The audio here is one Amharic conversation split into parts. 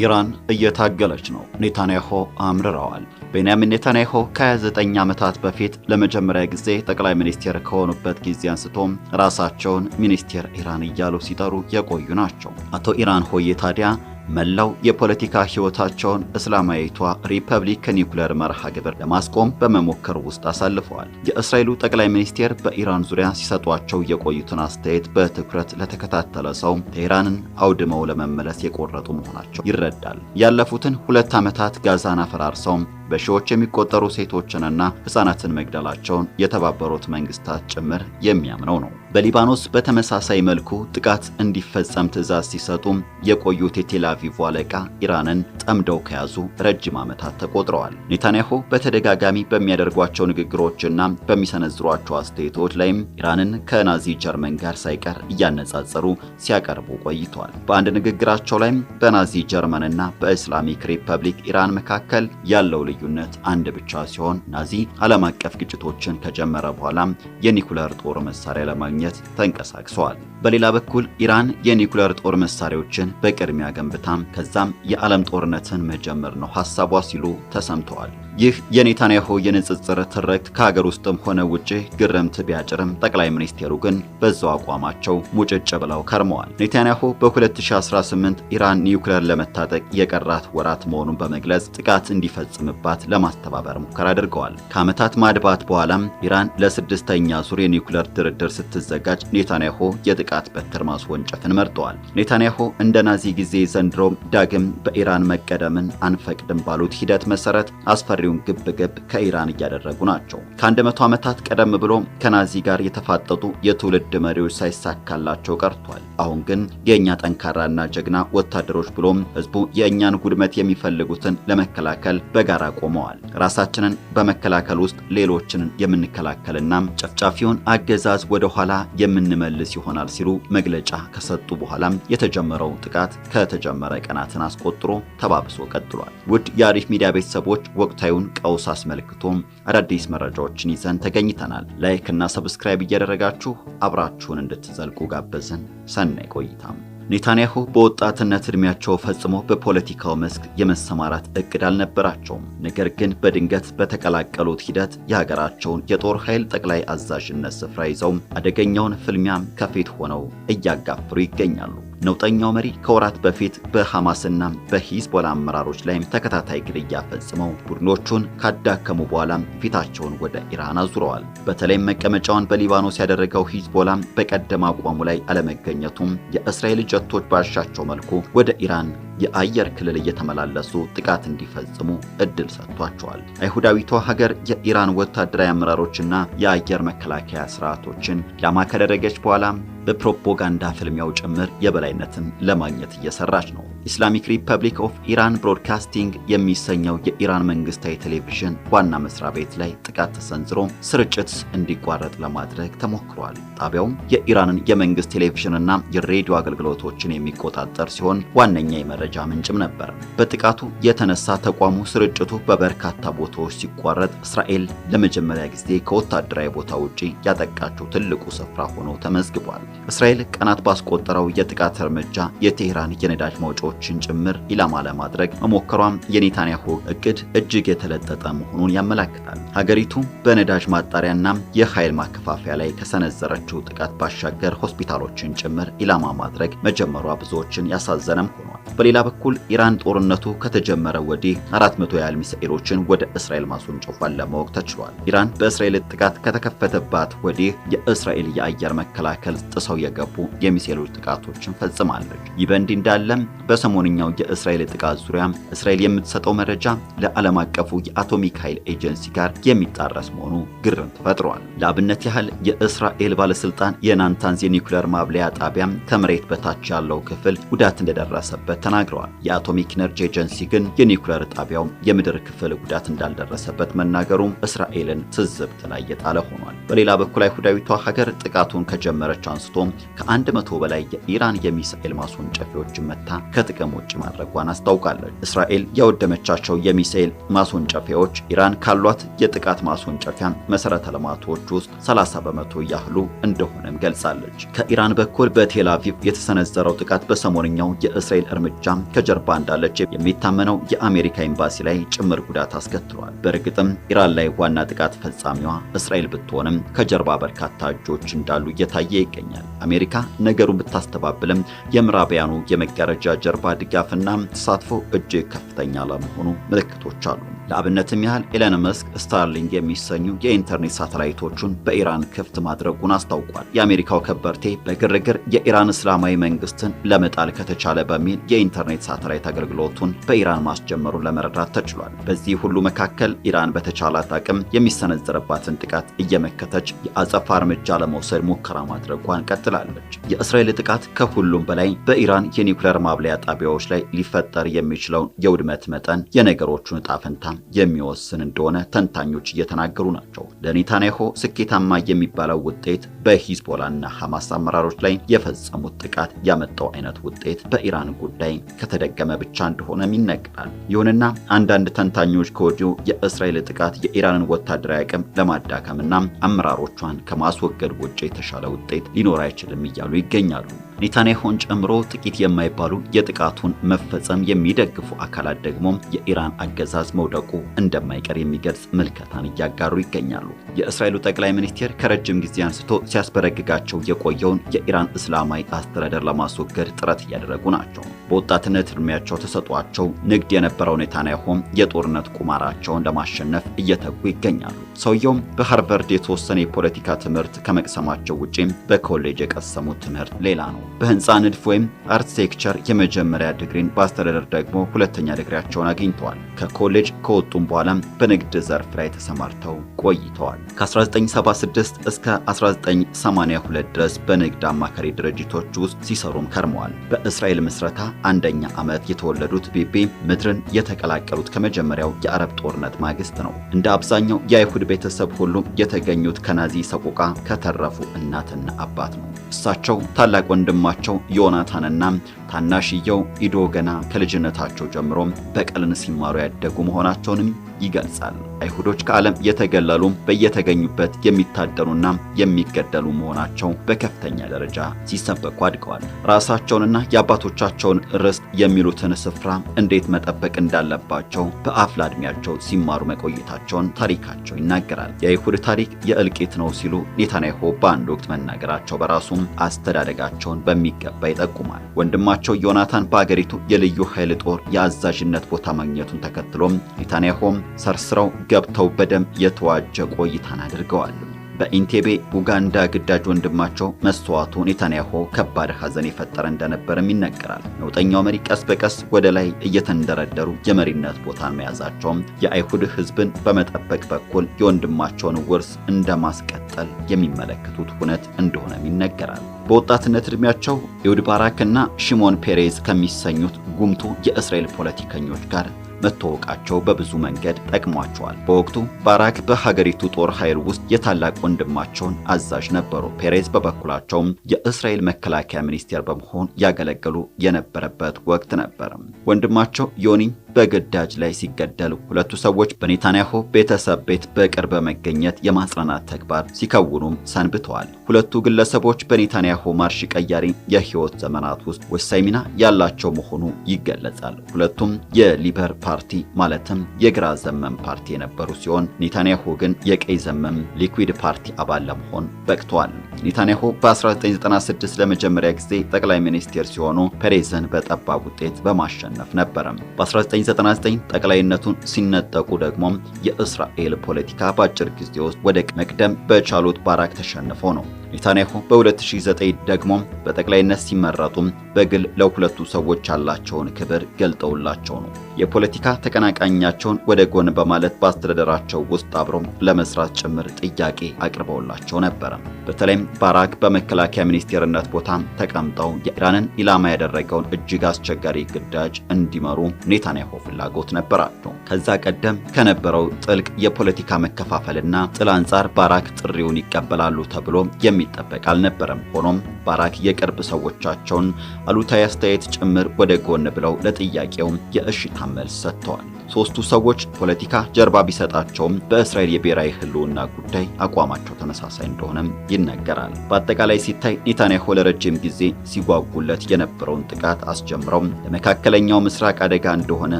ኢራን እየታገለች ነው፣ ኔታንያሆ አምርረዋል። ቤንያሚን ኔታንያሆ ከ29 ዓመታት በፊት ለመጀመሪያ ጊዜ ጠቅላይ ሚኒስቴር ከሆኑበት ጊዜ አንስቶም ራሳቸውን ሚኒስቴር ኢራን እያሉ ሲጠሩ የቆዩ ናቸው። አቶ ኢራን ሆዬ ታዲያ መላው የፖለቲካ ሕይወታቸውን እስላማዊቷ ሪፐብሊክ ከኒኩለር መርሃ ግብር ለማስቆም በመሞከር ውስጥ አሳልፈዋል። የእስራኤሉ ጠቅላይ ሚኒስቴር በኢራን ዙሪያ ሲሰጧቸው የቆዩትን አስተያየት በትኩረት ለተከታተለ ሰው ቴህራንን አውድመው ለመመለስ የቆረጡ መሆናቸው ይረዳል። ያለፉትን ሁለት ዓመታት ጋዛን አፈራርሰው በሺዎች የሚቆጠሩ ሴቶችንና ህፃናትን መግደላቸውን የተባበሩት መንግስታት ጭምር የሚያምነው ነው። በሊባኖስ በተመሳሳይ መልኩ ጥቃት እንዲፈጸም ትዕዛዝ ሲሰጡም የቆዩት የቴላቪቭ አለቃ ኢራንን ጠምደው ከያዙ ረጅም ዓመታት ተቆጥረዋል። ኔታንያሁ በተደጋጋሚ በሚያደርጓቸው ንግግሮችና በሚሰነዝሯቸው አስተያየቶች ላይም ኢራንን ከናዚ ጀርመን ጋር ሳይቀር እያነጻጸሩ ሲያቀርቡ ቆይቷል። በአንድ ንግግራቸው ላይም በናዚ ጀርመንና በእስላሚክ ሪፐብሊክ ኢራን መካከል ያለው ልዩ ልዩነት አንድ ብቻ ሲሆን ናዚ ዓለም አቀፍ ግጭቶችን ከጀመረ በኋላም የኒኩለር ጦር መሳሪያ ለማግኘት ተንቀሳቅሰዋል። በሌላ በኩል ኢራን የኒኩለር ጦር መሳሪያዎችን በቅድሚያ ገንብታም ከዛም የዓለም ጦርነትን መጀመር ነው ሀሳቧ ሲሉ ተሰምተዋል። ይህ የኔታንያሁ የንጽጽር ትርክት ከሀገር ውስጥም ሆነ ውጭ ግርምት ቢያጭርም ጠቅላይ ሚኒስቴሩ ግን በዛው አቋማቸው ሙጭጭ ብለው ከርመዋል። ኔታንያሁ በ2018 ኢራን ኒውክሌር ለመታጠቅ የቀራት ወራት መሆኑን በመግለጽ ጥቃት እንዲፈጽምባት ለማስተባበር ሙከራ አድርገዋል። ከዓመታት ማድባት በኋላም ኢራን ለስድስተኛ ዙር የኒውክሌር ድርድር ስትዘጋጅ ኔታንያሁ የጥቃት በትር ማስወንጨፍን መርጠዋል። ኔታንያሁ እንደ ናዚ ጊዜ ዘንድሮም ዳግም በኢራን መቀደምን አንፈቅድም ባሉት ሂደት መሰረት አስፈሪ ግብ ግብግብ ከኢራን እያደረጉ ናቸው። ከአንድ መቶ ዓመታት ቀደም ብሎ ከናዚ ጋር የተፋጠጡ የትውልድ መሪዎች ሳይሳካላቸው ቀርቷል። አሁን ግን የእኛ ጠንካራና ጀግና ወታደሮች ብሎም ህዝቡ የእኛን ጉድመት የሚፈልጉትን ለመከላከል በጋራ ቆመዋል። ራሳችንን በመከላከል ውስጥ ሌሎችን የምንከላከልና ጨፍጫፊውን አገዛዝ ወደ ኋላ የምንመልስ ይሆናል ሲሉ መግለጫ ከሰጡ በኋላም የተጀመረው ጥቃት ከተጀመረ ቀናትን አስቆጥሮ ተባብሶ ቀጥሏል። ውድ የአሪፍ ሚዲያ ቤተሰቦች ወቅታዊ ወቅታዊውን ቀውስ አስመልክቶም አዳዲስ መረጃዎችን ይዘን ተገኝተናል። ላይክ እና ሰብስክራይብ እያደረጋችሁ አብራችሁን እንድትዘልቁ ጋበዝን። ሰናይ ቆይታም። ኔታንያሁ በወጣትነት እድሜያቸው ፈጽሞ በፖለቲካው መስክ የመሰማራት እቅድ አልነበራቸውም። ነገር ግን በድንገት በተቀላቀሉት ሂደት የሀገራቸውን የጦር ኃይል ጠቅላይ አዛዥነት ስፍራ ይዘው አደገኛውን ፍልሚያም ከፊት ሆነው እያጋፍሩ ይገኛሉ። ነውጠኛው መሪ ከወራት በፊት በሐማስና በሂዝቦላ አመራሮች ላይም ተከታታይ ግድያ ፈጽመው ቡድኖቹን ካዳከሙ በኋላ ፊታቸውን ወደ ኢራን አዙረዋል። በተለይም መቀመጫውን በሊባኖስ ያደረገው ሂዝቦላ በቀደመ አቋሙ ላይ አለመገኘቱም የእስራኤል ጀቶች ባሻቸው መልኩ ወደ ኢራን የአየር ክልል እየተመላለሱ ጥቃት እንዲፈጽሙ እድል ሰጥቷቸዋል። አይሁዳዊቷ ሀገር የኢራን ወታደራዊ አመራሮችና የአየር መከላከያ ስርዓቶችን ኢላማ ካደረገች በኋላም በፕሮፓጋንዳ ፍልሚያው ጭምር የበላይነትን ለማግኘት እየሰራች ነው። ኢስላሚክ ሪፐብሊክ ኦፍ ኢራን ብሮድካስቲንግ የሚሰኘው የኢራን መንግስታዊ ቴሌቪዥን ዋና መስሪያ ቤት ላይ ጥቃት ተሰንዝሮ ስርጭት እንዲቋረጥ ለማድረግ ተሞክሯል። ጣቢያውም የኢራንን የመንግስት ቴሌቪዥንና የሬዲዮ አገልግሎቶችን የሚቆጣጠር ሲሆን ዋነኛ የመረጃ ምንጭም ነበር። በጥቃቱ የተነሳ ተቋሙ ስርጭቱ በበርካታ ቦታዎች ሲቋረጥ፣ እስራኤል ለመጀመሪያ ጊዜ ከወታደራዊ ቦታ ውጪ ያጠቃቸው ትልቁ ስፍራ ሆኖ ተመዝግቧል። እስራኤል ቀናት ባስቆጠረው የጥቃት እርምጃ የቴህራን የነዳጅ መውጫ ሀገሮችን ጭምር ኢላማ ለማድረግ መሞከሯም የኔታንያሁ እቅድ እጅግ የተለጠጠ መሆኑን ያመላክታል። ሀገሪቱ በነዳጅ ማጣሪያና የኃይል ማከፋፈያ ላይ ከሰነዘረችው ጥቃት ባሻገር ሆስፒታሎችን ጭምር ኢላማ ማድረግ መጀመሯ ብዙዎችን ያሳዘነም ሆኗል። በሌላ በኩል ኢራን ጦርነቱ ከተጀመረ ወዲህ 400 ያህል ሚሳኤሎችን ወደ እስራኤል ማስወንጨፏን ለማወቅ ተችሏል። ኢራን በእስራኤል ጥቃት ከተከፈተባት ወዲህ የእስራኤል የአየር መከላከል ጥሰው የገቡ የሚሳኤሎች ጥቃቶችን ፈጽማለች። ይህ በእንዲህ እንዳለም በሰሞንኛው የእስራኤል ጥቃት ዙሪያ እስራኤል የምትሰጠው መረጃ ለዓለም አቀፉ የአቶሚክ ኃይል ኤጀንሲ ጋር የሚጣረስ መሆኑ ግርም ተፈጥሯል። ለአብነት ያህል የእስራኤል ባለስልጣን የናንታንዝ የኒውክሌር ማብለያ ጣቢያ ከመሬት በታች ያለው ክፍል ጉዳት እንደደረሰበት ተናግረዋል። የአቶሚክ ኤነርጂ ኤጀንሲ ግን የኒኩለር ጣቢያው የምድር ክፍል ጉዳት እንዳልደረሰበት መናገሩም እስራኤልን ትዝብት ላይ የጣለ ሆኗል። በሌላ በኩል አይሁዳዊቷ ሀገር ጥቃቱን ከጀመረች አንስቶ ከአንድ መቶ በላይ የኢራን የሚሳኤል ማስወንጨፊዎችን መታ ከጥቅም ውጭ ማድረጓን አስታውቃለች። እስራኤል ያወደመቻቸው የሚሳኤል ማስወንጨፊያዎች ኢራን ካሏት የጥቃት ማስወንጨፊያ መሰረተ ልማቶች ውስጥ 30 በመቶ ያህሉ እንደሆነም ገልጻለች። ከኢራን በኩል በቴል አቪቭ የተሰነዘረው ጥቃት በሰሞንኛው የእስራኤል እርምጃ ከጀርባ እንዳለች የሚታመነው የአሜሪካ ኤምባሲ ላይ ጭምር ጉዳት አስከትሏል። በእርግጥም ኢራን ላይ ዋና ጥቃት ፈጻሚዋ እስራኤል ብትሆንም ከጀርባ በርካታ እጆች እንዳሉ እየታየ ይገኛል። አሜሪካ ነገሩን ብታስተባብልም የምዕራብያኑ የመጋረጃ ጀርባ የአውሮፓ ድጋፍና ተሳትፎ እጅግ ከፍተኛ ለመሆኑ ምልክቶች አሉ። ለአብነትም ያህል ኤለን መስክ ስታርሊንግ የሚሰኙ የኢንተርኔት ሳተላይቶቹን በኢራን ክፍት ማድረጉን አስታውቋል። የአሜሪካው ከበርቴ በግርግር የኢራን እስላማዊ መንግስትን ለመጣል ከተቻለ በሚል የኢንተርኔት ሳተላይት አገልግሎቱን በኢራን ማስጀመሩን ለመረዳት ተችሏል። በዚህ ሁሉ መካከል ኢራን በተቻላት አቅም የሚሰነዘረባትን ጥቃት እየመከተች የአጸፋ እርምጃ ለመውሰድ ሙከራ ማድረጓን ቀጥላለች። የእስራኤል ጥቃት ከሁሉም በላይ በኢራን የኒውክሌር ማብለያ ጣቢያዎች ላይ ሊፈጠር የሚችለውን የውድመት መጠን፣ የነገሮቹን እጣ ፈንታ የሚወስን እንደሆነ ተንታኞች እየተናገሩ ናቸው። ለኔታንያሁ ስኬታማ የሚባለው ውጤት በሂዝቦላና ሐማስ አመራሮች ላይ የፈጸሙት ጥቃት ያመጣው አይነት ውጤት በኢራን ጉዳይ ከተደገመ ብቻ እንደሆነም ይነገራል። ይሁንና አንዳንድ ተንታኞች ከወዲሁ የእስራኤል ጥቃት የኢራንን ወታደራዊ አቅም ለማዳከምና አመራሮቿን ከማስወገድ ውጭ የተሻለ ውጤት ሊኖር አይችልም እያሉ ይገኛሉ። ኔታንያሁን ጨምሮ ጥቂት የማይባሉ የጥቃቱን መፈጸም የሚደግፉ አካላት ደግሞ የኢራን አገዛዝ መውደቁ መጠናቀቁ እንደማይቀር የሚገልጽ ምልከታን እያጋሩ ይገኛሉ። የእስራኤሉ ጠቅላይ ሚኒስቴር ከረጅም ጊዜ አንስቶ ሲያስበረግጋቸው የቆየውን የኢራን እስላማዊ አስተዳደር ለማስወገድ ጥረት እያደረጉ ናቸው። በወጣትነት እድሜያቸው ተሰጧቸው ንግድ የነበረው ኔታንያሆም የጦርነት ቁማራቸውን ለማሸነፍ እየተጉ ይገኛሉ። ሰውየውም በሃርቨርድ የተወሰነ የፖለቲካ ትምህርት ከመቅሰማቸው ውጪም በኮሌጅ የቀሰሙት ትምህርት ሌላ ነው። በህንፃ ንድፍ ወይም አርክቴክቸር የመጀመሪያ ዲግሪን፣ በአስተዳደር ደግሞ ሁለተኛ ዲግሪያቸውን አግኝተዋል። ከኮሌጅ ከ ከወጡም በኋላ በንግድ ዘርፍ ላይ ተሰማርተው ቆይተዋል። ከ1976 እስከ 1982 ድረስ በንግድ አማካሪ ድርጅቶች ውስጥ ሲሰሩም ከርመዋል። በእስራኤል ምስረታ አንደኛ ዓመት የተወለዱት ቤቤ ምድርን የተቀላቀሉት ከመጀመሪያው የአረብ ጦርነት ማግስት ነው። እንደ አብዛኛው የአይሁድ ቤተሰብ ሁሉ የተገኙት ከናዚ ሰቆቃ ከተረፉ እናትና አባት ነው። እሳቸው ታላቅ ወንድማቸው ዮናታንና ታናሽየው ኢዶ ገና ከልጅነታቸው ጀምሮ በቀልን ሲማሩ ያደጉ መሆናቸውንም ይገልጻል። አይሁዶች ከዓለም የተገለሉ በየተገኙበት የሚታደኑና የሚገደሉ መሆናቸው በከፍተኛ ደረጃ ሲሰበኩ አድገዋል። ራሳቸውንና የአባቶቻቸውን ርስት የሚሉትን ስፍራ እንዴት መጠበቅ እንዳለባቸው በአፍላ ዕድሜያቸው ሲማሩ መቆየታቸውን ታሪካቸው ይናገራል። የአይሁድ ታሪክ የእልቂት ነው ሲሉ ኔታንያሁ በአንድ ወቅት መናገራቸው በራሱም አስተዳደጋቸውን በሚገባ ይጠቁማል። ወንድማቸው አቻቸው ዮናታን በአገሪቱ የልዩ ኃይል ጦር የአዛዥነት ቦታ ማግኘቱን ተከትሎም ኔታንያሆም ሰርስረው ገብተው በደም የተዋጀ ቆይታን አድርገዋል። በኢንቴቤ ኡጋንዳ ግዳጅ ወንድማቸው መስተዋቱ ኔታንያሆ ከባድ ሐዘን የፈጠረ እንደነበርም ይነገራል። ነውጠኛው መሪ ቀስ በቀስ ወደ ላይ እየተንደረደሩ የመሪነት ቦታ መያዛቸውም የአይሁድ ሕዝብን በመጠበቅ በኩል የወንድማቸውን ውርስ እንደማስቀጠል የሚመለክቱት ሁነት እንደሆነም ይነገራል። በወጣትነት ዕድሜያቸው ኢሁድ ባራክ እና ሽሞን ፔሬዝ ከሚሰኙት ጉምቱ የእስራኤል ፖለቲከኞች ጋር መታወቃቸው በብዙ መንገድ ጠቅሟቸዋል። በወቅቱ ባራክ በሀገሪቱ ጦር ኃይል ውስጥ የታላቅ ወንድማቸውን አዛዥ ነበሩ። ፔሬዝ በበኩላቸውም የእስራኤል መከላከያ ሚኒስቴር በመሆን ያገለገሉ የነበረበት ወቅት ነበር። ወንድማቸው ዮኒ በግዳጅ ላይ ሲገደል ሁለቱ ሰዎች በኔታንያሁ ቤተሰብ ቤት በቅርብ በመገኘት የማጽናናት ተግባር ሲከውኑም ሰንብተዋል። ሁለቱ ግለሰቦች በኔታንያሁ ማርሽ ቀያሪ የህይወት ዘመናት ውስጥ ወሳኝ ሚና ያላቸው መሆኑ ይገለጻል። ሁለቱም የሊበር ፓርቲ ማለትም የግራ ዘመም ፓርቲ የነበሩ ሲሆን ኔታንያሁ ግን የቀይ ዘመም ሊኩዊድ ፓርቲ አባል ለመሆን በቅተዋል። ኔታንያሁ በ1996 ለመጀመሪያ ጊዜ ጠቅላይ ሚኒስቴር ሲሆኑ ፔሬዝን በጠባብ ውጤት በማሸነፍ ነበረ። በ1999 ጠቅላይነቱን ሲነጠቁ ደግሞ የእስራኤል ፖለቲካ በአጭር ጊዜ ውስጥ ወደ መቅደም በቻሉት ባራክ ተሸንፎ ነው። ኔታንያሁ በ2009 ደግሞ በጠቅላይነት ሲመረጡም በግል ለሁለቱ ሰዎች ያላቸውን ክብር ገልጠውላቸው ነው የፖለቲካ ተቀናቃኛቸውን ወደ ጎን በማለት በአስተዳደራቸው ውስጥ አብሮም ለመስራት ጭምር ጥያቄ አቅርበውላቸው ነበረ። በተለይም ባራክ በመከላከያ ሚኒስቴርነት ቦታ ተቀምጠው የኢራንን ኢላማ ያደረገውን እጅግ አስቸጋሪ ግዳጅ እንዲመሩ ኔታንያሁ ፍላጎት ነበራቸው። ከዛ ቀደም ከነበረው ጥልቅ የፖለቲካ መከፋፈልና ጥል አንጻር ባራክ ጥሪውን ይቀበላሉ ተብሎ የሚጠበቅ አልነበረም። ሆኖም ባራክ የቅርብ ሰዎቻቸውን አሉታዊ አስተያየት ጭምር ወደ ጎን ብለው ለጥያቄው የእሽታ የአጸፋ መልስ ሰጥተዋል። ሶስቱ ሰዎች ፖለቲካ ጀርባ ቢሰጣቸውም በእስራኤል የብሔራዊ ህልውና ጉዳይ አቋማቸው ተመሳሳይ እንደሆነም ይነገራል። በአጠቃላይ ሲታይ ኔታንያሁ ለረጅም ጊዜ ሲጓጉለት የነበረውን ጥቃት አስጀምረው ለመካከለኛው ምስራቅ አደጋ እንደሆነ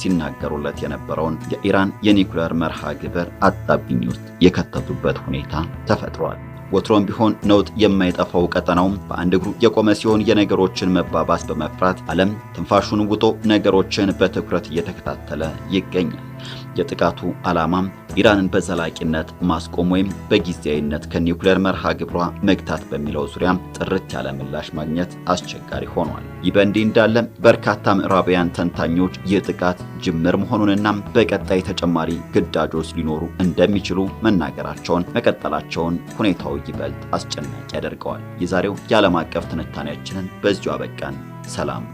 ሲናገሩለት የነበረውን የኢራን የኒኩሌር መርሃ ግብር አጣቢኝ ውስጥ የከተቱበት ሁኔታ ተፈጥሯል። ወትሮም ቢሆን ነውጥ የማይጠፋው ቀጠናው በአንድ እግሩ የቆመ ሲሆን የነገሮችን መባባስ በመፍራት ዓለም ትንፋሹን ውጦ ነገሮችን በትኩረት እየተከታተለ ይገኛል። የጥቃቱ ዓላማም ኢራንን በዘላቂነት ማስቆም ወይም በጊዜያዊነት ከኒውክሌር መርሃ ግብሯ መግታት በሚለው ዙሪያ ጥርት ያለ ምላሽ ማግኘት አስቸጋሪ ሆኗል። ይህ በእንዲህ እንዳለ በርካታ ምዕራባውያን ተንታኞች የጥቃት ጅምር መሆኑንና በቀጣይ ተጨማሪ ግዳጆች ሊኖሩ እንደሚችሉ መናገራቸውን መቀጠላቸውን ሁኔታው ይበልጥ አስጨናቂ ያደርገዋል። የዛሬው የዓለም አቀፍ ትንታኔያችንን በዚሁ አበቃን። ሰላም።